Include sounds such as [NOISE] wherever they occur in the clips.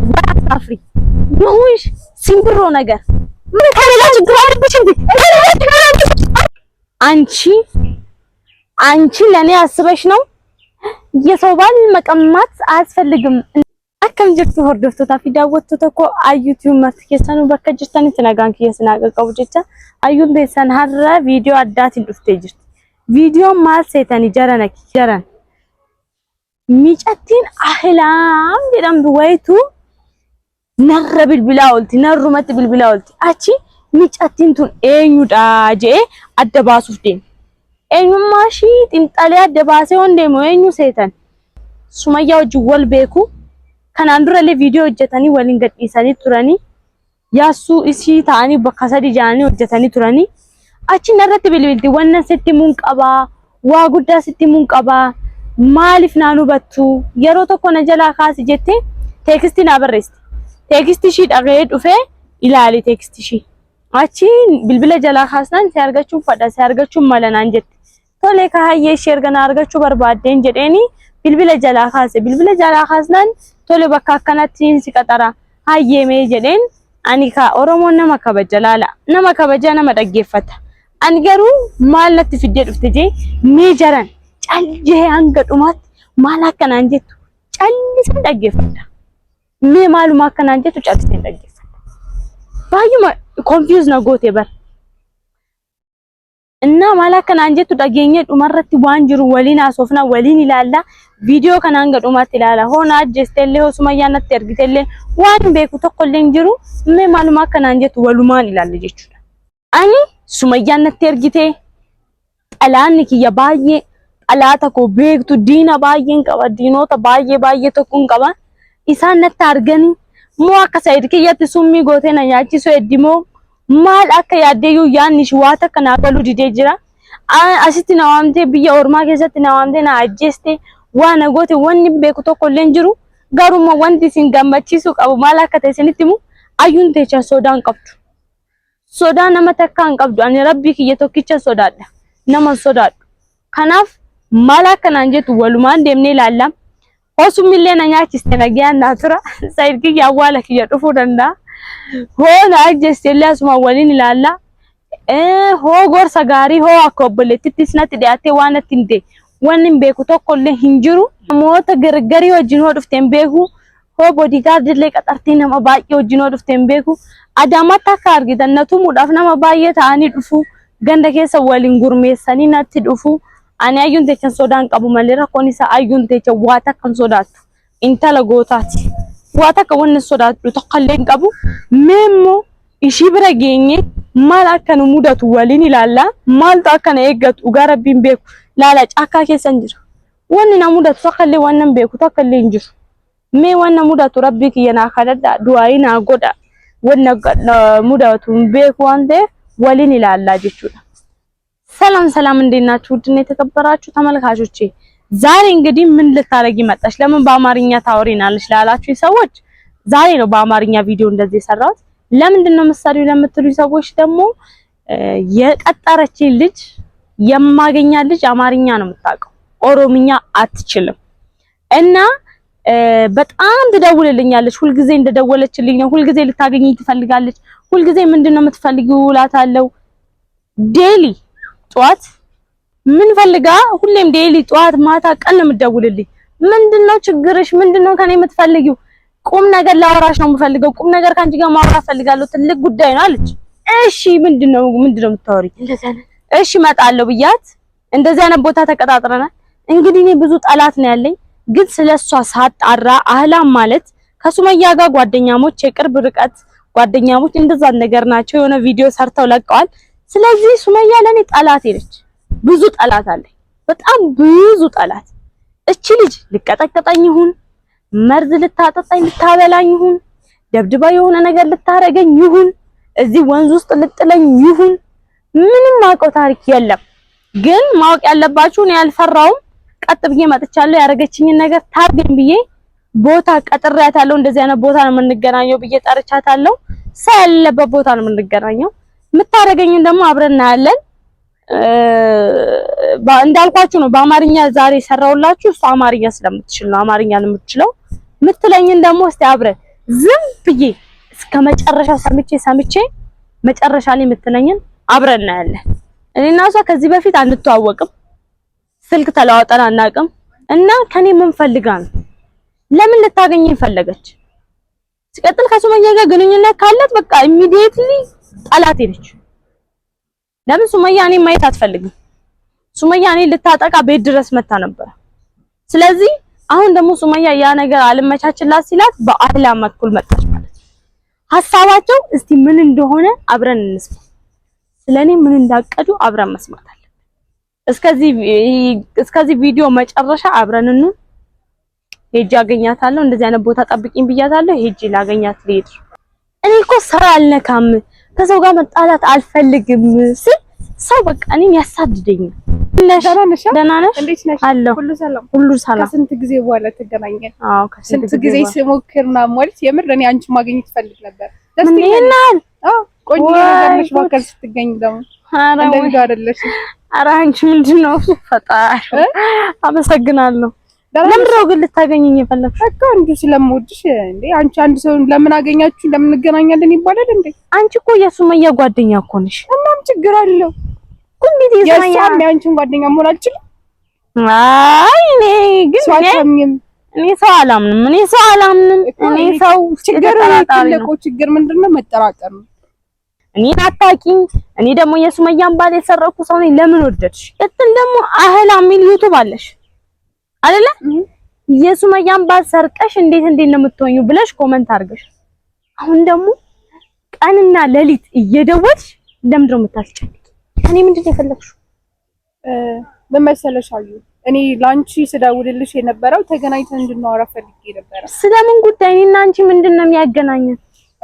ወይ አታፍሪ። ይሁንሽ ሲምብሮ ነገር ምን ከሌላ ችግር አለብሽ እንዴ? አንቺ አንቺ ለኔ አስበሽ ነው። የሰው ባል መቀማት አያስፈልግም። አከም ጅርቱ ሆርዶፍቶ ታፊ ዳወቶ ተኮ አዩቱ መት ከሰኑ በከ ጅርታን ተናጋን አዩን በሰን ሀረ ቪዲዮ አዳት ዱፍቴ ጅርት ቪዲዮ ማል ሰይታን ጀረነ ጀረን ሚጨቲን አህላም ደም ወይቱ narra bilbilaa oolti narrumatti bilbilaa oolti achi micattiin tun eenyudha jee adda baasuuf deemu. Eenyummaa ishii xiinxalee adda baasee hoon deemu eenyu seetan sumayyaa wajjin wal beeku kanaan durallee viidiyoo hojjetanii waliin gadhiisanii turanii yaassuu isii ta'anii bakka sadii jaanii hojjetanii turanii achi narratti bilbilti wanna sitti mun qabaa waa guddaa sitti mun qabaa maaliif naan hubattu yeroo tokko na jalaa kaasi jettee teeksistii naa barreessi. teekistii ishii dhabee dhufee ilaali teekistii ishii. Achiin bilbila jalaa kaasnaan si argachuun fadha si argachuun mala naan jette. Tolee kaayyee ishee erga na argachuu barbaaddeen jedheeni bilbila jalaa kaase. Bilbila jalaa kaasnaan tole bakka akkanatti si qaxara hayyeemee jedheen ani ka Oromoon nama kabaja laala nama kabaja nama dhaggeeffata. Ani garuu maal natti fiddee dhufte jee mee jaran callee hanga dhumaatti maal akkanaan jettu callisan dhaggeeffata. ሜማሉ ማከናንጀት ጨርስ እንደገፈ ባዩ ኮንፊውዝ ነው ጎቴ በር እና ማላከን አንጀቱ ዳገኘ ዱመረቲ ዋን ጅሩ ወሊን ወሊን ይላላ ቪዲዮ ከናን ገዱማት ይላላ ሆነ አጀስተለ ሆሱማያነት ተርግተለ ዋን ቤኩ ተቆለን ጅሩ ሜ ማሉማ ከናንጀቱ ወሉማን ይላል ጀቹ አኒ ሱማያነት ተርግቴ ጠላን ኪያ ባዬ ጠላታ ኮ ቤክቱ ዲና ባዬን ቀባ ዲኖታ ባዬ ባዬ ተኩን ቀባ isaan natti arganii moo akka Saayid kiyyaatti summii gootee na nyaachisuu heddimoo maal akka yaaddeeyyuu yaanni shi waata akka naa galuu didee jira. Asitti na waamtee biyya ormaa keessatti na waamtee na ajjeeste waa na goote wanni beeku tokko illee jiru garuuma wanti isin gammachiisu qabu maal akka ta'e isinitti himu ayyuun teechaa sodaan qabdu. Sodaa nama takka hin qabdu ani rabbi kiyya tokkicha sodaadha. Nama sodaadhu. Kanaaf maal akka jettu walumaan deemnee ilaalla. Hoosumillee na nyaachiste nagaan naa tura. [LAUGHS] Saayid kiyya awwaala kiyya dhufuu danda'a. Hoo na ajjeessellee asuma waliin ilaalla. Eh hoo gorsa gaarii hoo akka obboleettittis natti dhiyaatee waan natti hin ta'e wanni hin beeku tokkollee hin jiru. Namoota gargari wajjin hoo dhufte hin beeku. Hoo boodigaardillee qaxartii nama baay'ee wajjin hoo dhufte hin beeku. Adaamatti akka argitan na tumuudhaaf nama baay'ee ta'anii dhufu. Ganda keessa waliin gurmeessanii natti dhufu. Ani hayyuun teechan sodaan qabu malee rakkoon isaa hayyuun teecha waata kan sodaattu intala gootaati. Waata akka wanni sodaattu tokkollee hin qabu. Meemmoo ishii bira geenye maal akka nu mudatu waliin ilaalla. Maaltu akka na eeggatu dhugaa rabbiin beeku. Laala caakkaa keessa hin jira. Wanni na mudatu tokkollee waan nan beeku tokkollee hin jiru. Mee waan na mudatu rabbii kiyya naa kadhadhaa du'aayi naa godha. Wanna mudatu hin beeku waan ta'eef waliin ilaallaa jechuudha. ሰላም ሰላም፣ እንዴት ናችሁ? ውድና የተከበራችሁ ተመልካቾቼ ዛሬ እንግዲህ ምን ልታረጊ መጣሽ፣ ለምን በአማርኛ ታወሪናለሽ ላላችሁ ሰዎች ዛሬ ነው በአማርኛ ቪዲዮ እንደዚህ የሰራሁት። ለምንድን ነው መሳሪው ለምትሉ ሰዎች ደግሞ የቀጠረችኝ ልጅ የማገኛ ልጅ አማርኛ ነው የምታውቀው፣ ኦሮምኛ አትችልም እና በጣም ትደውልልኛለች። ሁልጊዜ እንደደወለችልኝ ነው። ሁልጊዜ ልታገኝ ትፈልጋለች። ሁልጊዜ ምንድን ነው የምትፈልጊው እላታለሁ ዴሊ ጠዋት ምን ፈልጋ ሁሌም ዴይሊ ጠዋት ማታ ቀን ነው ምንድነው ችግርሽ? ምንድነው ከኔ የምትፈልጊው? ቁም ነገር ላወራሽ ነው የምፈልገው። ቁም ነገር ከአንቺ ጋር ማውራት ፈልጋለሁ። ትልቅ ጉዳይ ነው አለች። እሺ ምንድነው ምንድነው የምታወሪኝ? እሺ እመጣለሁ ብያት እንደዚህ አይነት ቦታ ተቀጣጥረናል። እንግዲህ እኔ ብዙ ጠላት ነው ያለኝ፣ ግን ስለሷ ሳጣራ አህላም ማለት ከሱመያ ጋር ጓደኛሞች፣ የቅርብ ርቀት ጓደኛሞች እንደዛ ነገር ናቸው። የሆነ ቪዲዮ ሰርተው ለቀዋል። ስለዚህ ሱመያ ለኔ ጠላቴ ነች። ብዙ ጠላት አለኝ፣ በጣም ብዙ ጠላት። እቺ ልጅ ልቀጠቀጠኝ ይሁን መርዝ ልታጠጣኝ ልታበላኝ ይሁን ደብድባ የሆነ ነገር ልታረገኝ ይሁን እዚህ ወንዝ ውስጥ ልጥለኝ ይሁን ምንም ማውቀው ታሪክ የለም። ግን ማወቅ ያለባችሁ እኔ አልፈራውም። ቀጥ ብዬ መጥቻለሁ። ያደረገችኝን ነገር ታርገኝ ብዬ ቦታ ቀጥሬያታለሁ። እንደዚህ አይነት ቦታ ነው የምንገናኘው ብዬ ጠርቻታለሁ። ሰው ያለበት ቦታ ነው የምንገናኘው። የምታደርገኝን ደግሞ አብረን እናያለን። እንዳልኳችሁ ነው በአማርኛ ዛሬ ሰራውላችሁ። እሷ አማርኛ ስለምትችል ነው አማርኛን የምትችለው። የምትለኝን ደግሞ እስቲ አብረን ዝም ብዬ እስከ መጨረሻ ሰምቼ ሰምቼ መጨረሻ ላይ የምትለኝን አብረን እናያለን። እኔና እሷ ከዚህ በፊት አንተዋወቅም፣ ስልክ ተለዋጠን አናውቅም። እና ከኔ ምን ፈልጋ ነው? ለምን ልታገኘኝ ፈለገች? ሲቀጥል ከሱመኛ ጋር ግንኙነት ካላት በቃ ኢሚዲየትሊ ጠላቴ ነች። ለምን ሱመያ እኔን ማየት አትፈልግም? ሱመያ እኔን ልታጠቃ ቤት ድረስ መታ ነበር። ስለዚህ አሁን ደግሞ ሱመያ ያ ነገር አልመቻችላት ሲላት በአህላ በኩል መጣች ማለት ነው። ሀሳባቸው እስቲ ምን እንደሆነ አብረን እንስማ። ስለኔ ምን እንዳቀዱ አብረን መስማት አለብን። እስከዚህ እስከዚህ ቪዲዮ መጨረሻ አብረን እንሁን። ሄጄ አገኛታለሁ። እንደዚህ አይነት ቦታ ጠብቂኝ ብያታለሁ። ሄጄ ላገኛት ልሄድ። እኔ እኮ ሰው አልነካም ከሰው ጋር መጣላት አልፈልግም ስል ሰው በቃ እኔን ያሳድደኛል። ደህና ነሽ? እንዴት ነሽ? አለሁ። ሁሉ ሰላም፣ ሁሉ ሰላም። ከስንት ጊዜ በኋላ ተገናኘን። አዎ፣ ከስንት ጊዜ ስሞክር ምናምን የምር እኔ አንቺ ማግኘት ፈልግ ነበር። ምን ይላል? አዎ፣ ቆንጆ ነገር ማከል ስትገኝ ደግሞ እንደዚህ አይደለሽ። ኧረ አንቺ ምንድን ነው? ፈጣሪ አመሰግናለሁ። ለምንድነው ግን ልታገኘኝ የፈለግሽ? ስለምወድሽ እንዴ። አንቺ አንድ ሰው ለምን አገኛችሁ ለምን እንገናኛለን ይባላል እንዴ? አንቺ እኮ የሱመያ ጓደኛ እኮ ነሽ። እናም ችግር አለው እንዴት የሱመያ ጓደኛ መሆን አልችልም። አይ እኔ ግን እኔ ሰው አላምንም። እኔ ሰው አላምንም። እኔ ሰው ችግር ትልቁ ችግር ምንድነው መጠራጠር ነው። እኔን አታውቂኝ። እኔ ደግሞ የሱመያን ባል የሰረኩ ሰው ነኝ። ለምን ወደድሽ? ደግሞ አህላ የሚል ዩቱብ አለሽ አይደለ የሱመያን ባል ሰርቀሽ እንዴት እንዴት ነው የምትሆኙ ብለሽ ኮመንት አድርገሽ፣ አሁን ደግሞ ቀንና ሌሊት እየደወልሽ ለምንድን ነው የምታስጨንቂ? እኔ ምንድን ነው የፈለግሽው? ምን መሰለሽ አዩ፣ እኔ ላንቺ ስደውልልሽ የነበረው ተገናኝተን እንድናወራ ፈልጌ ነበረ። ስለምን ጉዳይ? እኔና አንቺ ምንድን ነው የሚያገናኘን?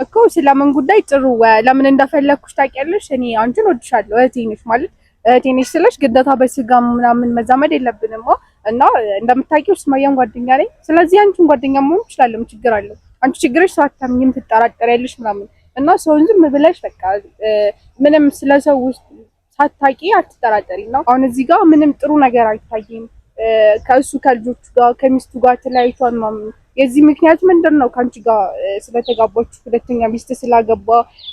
እኮ ስለምን ጉዳይ? ጥሩ ለምን እንደፈለግኩሽ ታውቂያለሽ? እኔ አንቺን ወድሻለሁ፣ እህቴ ነሽ ማለት እህቴ ነሽ ስለሽ ግዴታ በስጋ ምናምን መዛመድ የለብንም። እና እንደምታውቂው ሱመያም ጓደኛ ላይ ስለዚህ አንቺን ጓደኛ መሆን ትችላለህ። ችግር አለው። አንቺ ችግርሽ ሰው አታምኝም፣ ትጠራጠሪያለሽ ምናምን እና ሰውን ዝም ብለሽ በቃ ምንም ስለሰው ውስጥ ሳታቂ አትጠራጠሪ ነው። አሁን እዚህ ጋር ምንም ጥሩ ነገር አይታይም። ከእሱ ከልጆቹ ጋር ከሚስቱ ጋር ተለያይቷል ምናምን። የዚህ ምክንያት ምንድን ነው? ከአንቺ ጋር ስለተጋባች ሁለተኛ ሚስት ስላገባ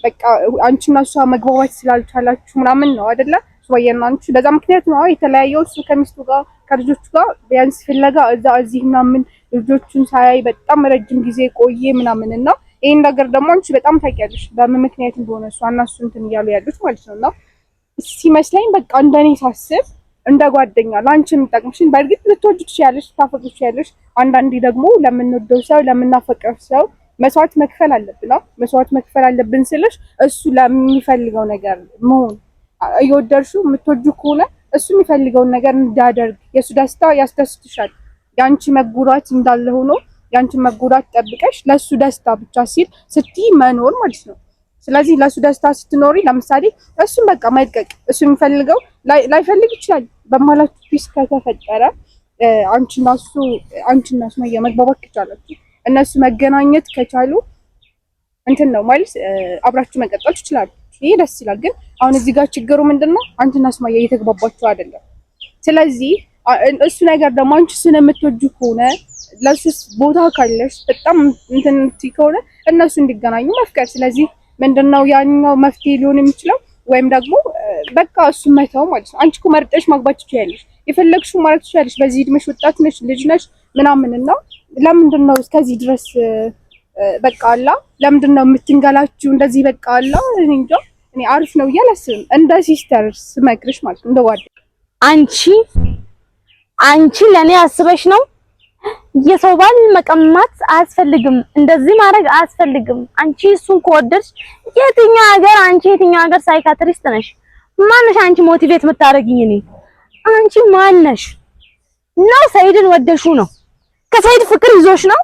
በቃ አንቺና እሷ መግባባት ስላልቻላችሁ ምናምን ነው አይደለ? ሱባያና አንቺ በዛ ምክንያት ነው የተለያየው። እሱ ከሚስቱ ጋር ከልጆቹ ጋር ቢያንስ ፍለጋ እዛ እዚህ ምናምን ልጆቹን ሳያይ በጣም ረጅም ጊዜ ቆየ ምናምን እና ይህን ነገር ደግሞ አንቺ በጣም ታውቂያለሽ፣ በምን ምክንያት እንደሆነ እሷ እና እሱ እንትን እያሉ ያሉት ማለት ነው። እና ሲመስለኝ በቃ እንደኔ ሳስብ እንደ ጓደኛ ለአንቺ የምጠቅምሽን በእርግጥ ልትወጂ ትችያለሽ፣ ልታፈቅ ትችያለሽ። አንዳንዴ ደግሞ ለምንወደው ሰው ለምናፈቅረው ሰው መስዋዕት መክፈል አለብን። መስዋዕት መክፈል አለብን ስልሽ እሱ ለሚፈልገው ነገር መሆን እየወደድሽው የምትወጁ ከሆነ እሱ የሚፈልገውን ነገር እንዲያደርግ የእሱ ደስታ ያስደስትሻል። የአንቺ መጎዳት እንዳለ ሆኖ የአንቺ መጎዳት ጠብቀሽ ለእሱ ደስታ ብቻ ሲል ስትይ መኖር ማለት ነው። ስለዚህ ለእሱ ደስታ ስትኖሪ፣ ለምሳሌ እሱን በቃ መልቀቅ። እሱ የሚፈልገው ላይፈልግ ይችላል። በማላችሁ ፒስ ከተፈጠረ አንቺና እሱ አንቺና እሱ መግባባት ከቻላችሁ እነሱ መገናኘት ከቻሉ እንትን ነው ማለት አብራችሁ መቀጠል ትችላሉ። ይሄ ደስ ይላል። ግን አሁን እዚህ ጋር ችግሩ ምንድን ነው? አንቺና ሱማያ እየተግባባችሁ አይደለም። ስለዚህ እሱ ነገር ደግሞ አንቺ ስነ የምትወጂው ከሆነ ለሱስ ቦታ ካለሽ በጣም እንትን ከሆነ እነሱ እንዲገናኙ መፍቀድ። ስለዚህ ምንድነው ያኛው መፍትሄ ሊሆን የሚችለው ወይም ደግሞ በቃ እሱ መተው ማለት ነው። አንቺ እኮ መርጠሽ ማግባት ትችያለሽ፣ የፈለግሽው ማለት ትችያለሽ። በዚህ እድሜሽ ወጣት ነሽ፣ ልጅ ነሽ ምናምን እና ለምንድን ነው እስከዚህ ድረስ በቃ አላ ለምንድን ነው የምትንገላችሁ? እንደዚህ በቃ አላ እኔ እንጃ እኔ አሪፍ ነው ብዬ አላስብም። እንደ ሲስተር ስመክርሽ ማለት ነው እንደ ጓደኛ አንቺ አንቺ ለኔ አስበሽ ነው። የሰው ባል መቀማት አያስፈልግም፣ እንደዚህ ማድረግ አያስፈልግም። አንቺ እሱን ከወደድሽ የትኛው ሀገር አንቺ የትኛው ሀገር ሳይካትሪስት ነሽ? ማነሽ አንቺ ሞቲቬት የምታደርጊኝ እኔ? አንቺ ማነሽ ነው? ሰይድን ወደሹ ነው? ከሰይድ ፍቅር ይዞሽ ነው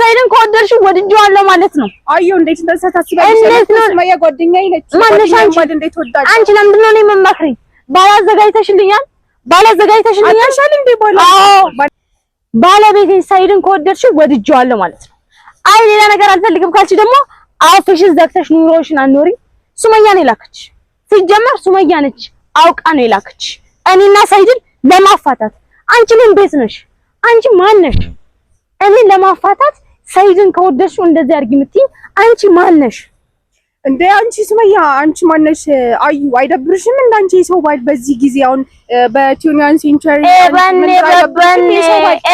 ሳይድን ከወደድሽ ወድጄዋለሁ ማለት ነው። አየሁ እንዴት እንደዛ ታስባለሽ? እንዴት ነው ማያ ጓደኛዬ ነች ማለሽ? አንቺ እንዴት ወዳጅ አንቺ ለምንድን ነው የምመክሪኝ? ባል አዘጋጅተሽልኛል፣ ባል አዘጋጅተሽልኛል። አሻል እንዴ ባል አዎ፣ ባለቤቴን ሳይድን ከወደድሽ ወድጄዋለሁ ማለት ነው። አይ ሌላ ነገር አልፈልግም ካልሽ ደግሞ አፍሽን ዘግተሽ ኑሮሽን አኖሪ። ሱመያ ነው የላከችሽ። ሲጀመር ሱመያ ነች አውቃ ነው የላከችሽ እኔና ሳይድን ለማፋታት። አንቺ ምን ቤት ነሽ? አንቺ ማን ነሽ? እኔን ለማፋታት ሰይድን ከወደድሽው እንደዚህ አድርጊ የምትይኝ አንቺ ማነሽ እንደ አንቺ ስመያ አንቺ ማነሽ? አዩ አይደብርሽም? እንደ አንቺ የሰው ባል በዚህ ጊዜ አሁን በቲዩኒያን ሴንቸሪ ኤባኔ በበኔ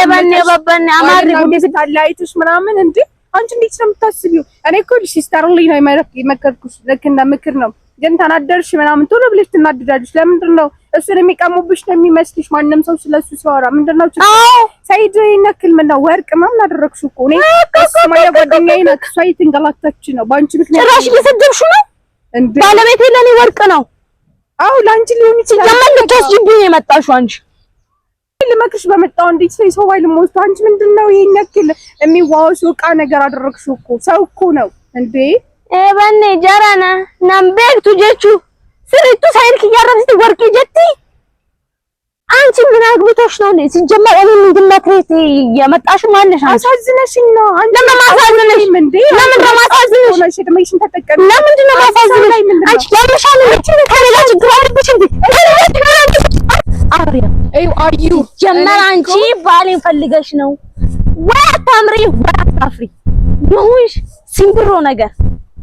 ኤባኔ በበኔ አማሪ ጉዲ ስታላይቱሽ ምናምን እንዴ! አንቺ እንዴት ነው የምታስቢው? እኔ እኮ ሲስተር ልኝ ነው የመከርኩሽ። ልክ እንደ ምክር ነው ግን ተናደርሽ ምናምን ቶሎ ብለሽ ትናደዳለሽ። ለምንድን ነው እሱን የሚቀሙብሽ ነው የሚመስልሽ? ማንም ሰው ስለሱ ሲያወራ ምንድን ነው ሰይድ ይነክል ምን ነው ወርቅ ምናምን አደረግሽው እኮ እኔ እሱማ የጓደኛዬ ናት። እሷ የተንገላታች ነው በአንቺ ምክንያት። ጭራሽ እየሰደብሽው ነው። እንዴ? ባለቤቴ ለእኔ ወርቅ ነው። አው ላንቺ ሊሆን ይችላል። ጀመር ልትወስጂብኝ የመጣሽው አንቺ ልመክሽ በመጣው እንዴት ሰው ሰው አይልም ወስዶ አንቺ ምንድን ነው ይሄን ያክል የሚዋወሱ ዕቃ ነገር አደረግሽው እኮ ሰው እኮ ነው እንዴ ee eh, banne jaarana nan beektu jechu sirritu ሳይልክ እያረብስቲ ወርቄ ጀቲ አንቺ ምን አግብቶሽ ነው? ሲጀመር እኔ ምንድን መክሬት የመጣሽ ማነሽ? አሳዝነሽኝ ነው። ለምን ማሳዝነሽ? ለምን ማሳዝነሽ? እድሜሽን ማሳዝነሽ? አንቺ ያምሻል አንቺ ባሌን ፈልገሽ ነው ወይ አታምሪ ወይ አታፍሪ ይሁንሽ ሲምብሮ ነገር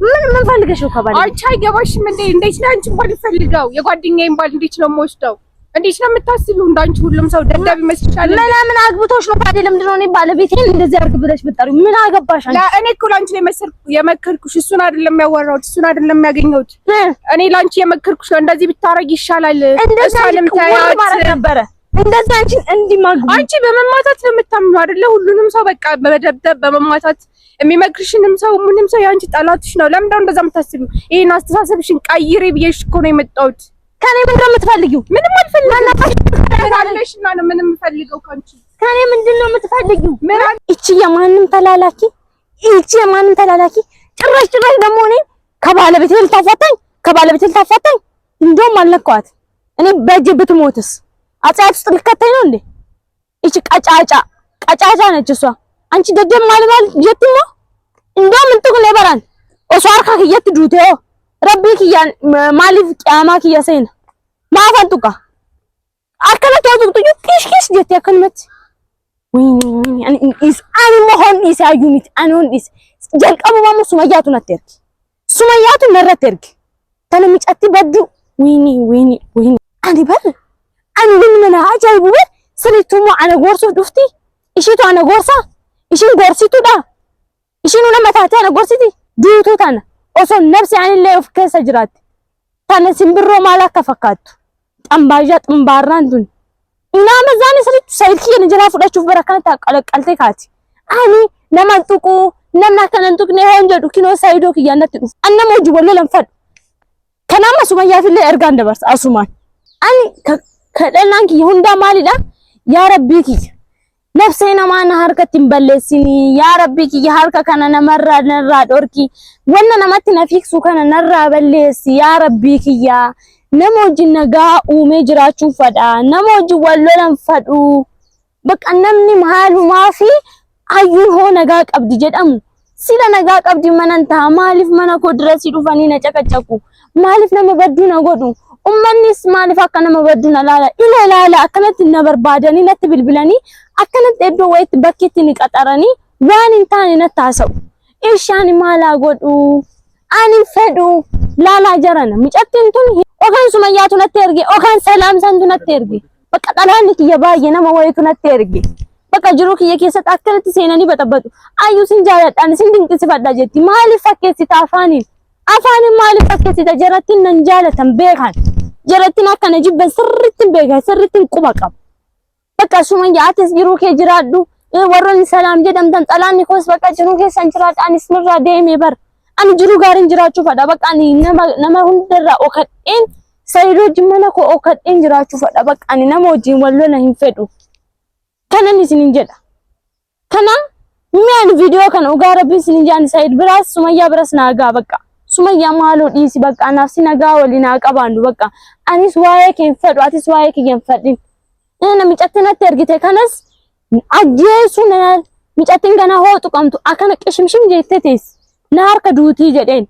ምን ምን ፈልገሽው ነው ከባል? አንቺ አይገባሽም እንዴ? እንዴት ነው አንቺን ባል ፈልገው? የጓደኛዬን ባል እንዴት ነው የምወስደው? እንዴት ነው የምታስቢው? እንዳንቺ ሁሉም ሰው ደደብ ይመስልሻል? ምን ምን አግብቶሽ ነው ታዲያ? ለምንድን ነው እኔ ባለቤቴን እንደዚህ አድርግ ብለሽ ብትጠሪው ምን አገባሽ አንቺ? እኔ እኮ ላንቺ ነው የመከርኩሽ። እሱን አይደለም ያወራሁት፣ እሱን አይደለም ያገኘሁት። እኔ ላንቺ የመከርኩሽ እንደዚህ ብታረጊ ይሻላል። እሷንም ታያት ማለት ነበረ እንደዛ አንቺን እንዲማግቡ አንቺ በመማታት ነው የምታምኑ አይደለ? ሁሉንም ሰው በቃ በመደብደብ በመማታት የሚመክርሽንም ሰው ምንም ሰው የአንቺ ጠላትሽ ነው። ለምን እንደዛ የምታስቢው? ይሄን አስተሳሰብሽን ቀይሪ ብዬሽ እኮ ነው የመጣሁት። ከኔ ምንድን ነው የምትፈልጊው? ምንም አልፈልግም። ነው ምንም የምፈልገው ከአንቺ ከኔ ምንድን ነው የምትፈልጊው? እቺ የማንም ተላላኪ እቺ የማንም ተላላኪ ጭራሽ ጭራሽ ደግሞ እኔ ከባለቤት ልታፋታኝ ከባለቤት ልታፋታኝ። እንደውም አልነካኋት እኔ በእጄ ብትሞትስ አጽያት ውስጥ ልከተኝ ነው እንዴ? እቺ ቀጫጫ ቀጫጫ ነች እሷ አንቺ ደደም ማልማል ጀትሞ እንደም እንትኩን ይበራል ኦሷርካ ከየት ዱቴ ረቢ ክያን ማሊፍ ቂያማ ክያሰይን ማፈን ቱቃ አከለ ተውቱ ዩ ኪሽ ኪሽ ጀት ያከንመት ወይኔ አን ኢስ አን ሞሆን ኢስ አዩሚት አንን ኢስ ጀልቀሙ ማሙ ሱመያቱ ነተርክ ሱመያቱ ነረተርክ ተለምጫቲ በዱ ወይኔ ወይኔ ወይኔ አን ይበር አን ምን መና አጃይቡ በር ስሪቱሙ አነ ጎርሶ ዱፍቲ እሺቱ አነ ጎርሳ Ishiin gorsituudha. Ishiin una mataateena gorsiti diituu tana osoo nabsi anillee of keessa jiraatti. Tana simbirroo maal akka fakkaattu xambaayyaa xumbaarraan tun nama zaan isirriitti saayirkiin jalaa fudhachuuf bara kanatti qalqaltee kaati. Ani nama tuquu namna kana hin tuqne hoon jedhu kinoo saayidoo kiyyaa natti dhufu. Ani nama hojii wallola hin fadhu. Kanaaf asummayyaaf illee ergaan dabarsa asumaan. Ani kadhannaan kiyya hundaa maalidha? Yaa rabbii kiyya. Nafsee namaa na harkatti hin balleessini. Yaa Rabbi kiyya harka kana namarraa narraa dhorki. Wanna namatti na fiiksu kana narraa balleessi. Yaa Rabbi kiyya nama wajjin nagaa uumee jiraachuu fadha. Nama wajjin wal lolan fadhu. Bakka namni maalumaa fi hayyuun hoo nagaa qabdi jedhamu. Sida nagaa qabdi manan ta'a. Maaliif mana koo dirasii dhufanii na caqacaku? Maaliif nama badduu na godhu? Uummannis maaliif akka nama badduu na laala? Ila ilaala akkanatti na barbaadanii natti bilbilanii akkanatti iddoo wayitti bakki itti ni qaxaranii waan hin taane natti haasa'u. Ishaan maalaa godhu? Ani fedhu laalaa jarana micattiin tun okaan sumayyaatu natti erge okaan salaamsaantu natti erge bakka dhalaanni kiyya baay'ee nama wayiitu natti erge bakka jiruu kiyya keessatti akkanatti seenanii baxabbatu ayyuu sin jaaladhaan sin dinqisifadha jetti maaliif fakkeessita afaaniin afaaniin maaliif fakkeessita jarattiin nan jaalatan beekan jarattiin akkana jibban sirrittiin beekan sirrittiin quba qabu. በቃ ሱመያ አትስ ጅሩ ጅራዱ ወሮን ሰላም ጀደምተን ጠላን ኮስ በቃ ጅሩ ከ ሰንችራት አንስ ምራ አን ጅሩ ጋርን ጅራቹ ፈዳ በቃ ኒ ነመ ሁንደራ ኦከዴን ሰይዶ ጅመነ ኮ ኦከዴን ጅራቹ ፈዳ በቃ ኒ ነመ ወጂን ወሎነ ሂንፈዱ ከነን ስኒን ጀዳ ከና ሚያን ቪዲዮ ከነ ኡጋረብን ስኒን ጃን ሰይድ ብራስ ሱመያ ብራስ ናጋ በቃ ሱመያ ማሎ ዲሲ በቃ ናፍሲ ነጋ ወሊና ቀባንዱ በቃ አኒስ ዋዬ ከንፈዱ አቲስ ዋዬ ከንፈዲን miidhagsinatti ergite kanas ajjeesu miidhagsin ganaa hootu qabdu akkana qishimshim jettee teessi na harka duutii jedheen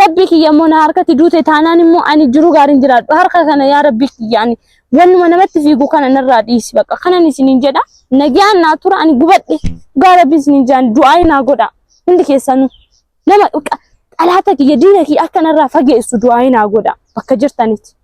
rabbi kiyya immoo na harkatti duute taanaan immoo ani jiru gaariin jiraadhu harka kana yaa rabbi kiyya ani wannuma namatti fiigu kana narraa dhiisi baqa kanan isiniin jedha nagaan naa tura ani gubadhe dhugaa rabbi isiniin jaan du'aa naa godha hundi keessanu nama dhuqa dhalaata kiyya diina kiyya akka narraa fageessu du'aa naa godha bakka jirtanitti.